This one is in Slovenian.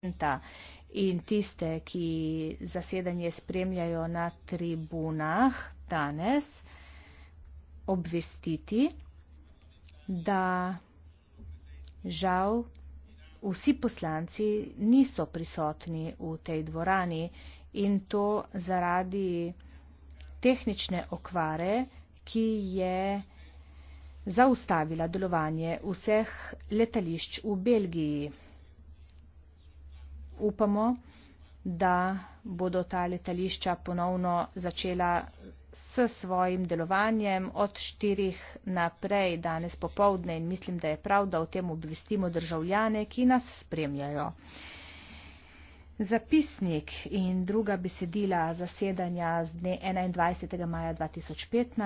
parlamenta in tiste, ki zasedanje spremljajo na tribunah danes, obvestiti, da žal vsi poslanci niso prisotni v tej dvorani in to zaradi tehnične okvare, ki je zaustavila delovanje vseh letališč v Belgiji upamo, da bodo ta letališča ponovno začela s svojim delovanjem od 4 naprej danes popovdne in mislim, da je prav, da o tem obvestimo državljane, ki nas spremljajo. Zapisnik in druga besedila zasedanja z dne 21. maja 2015.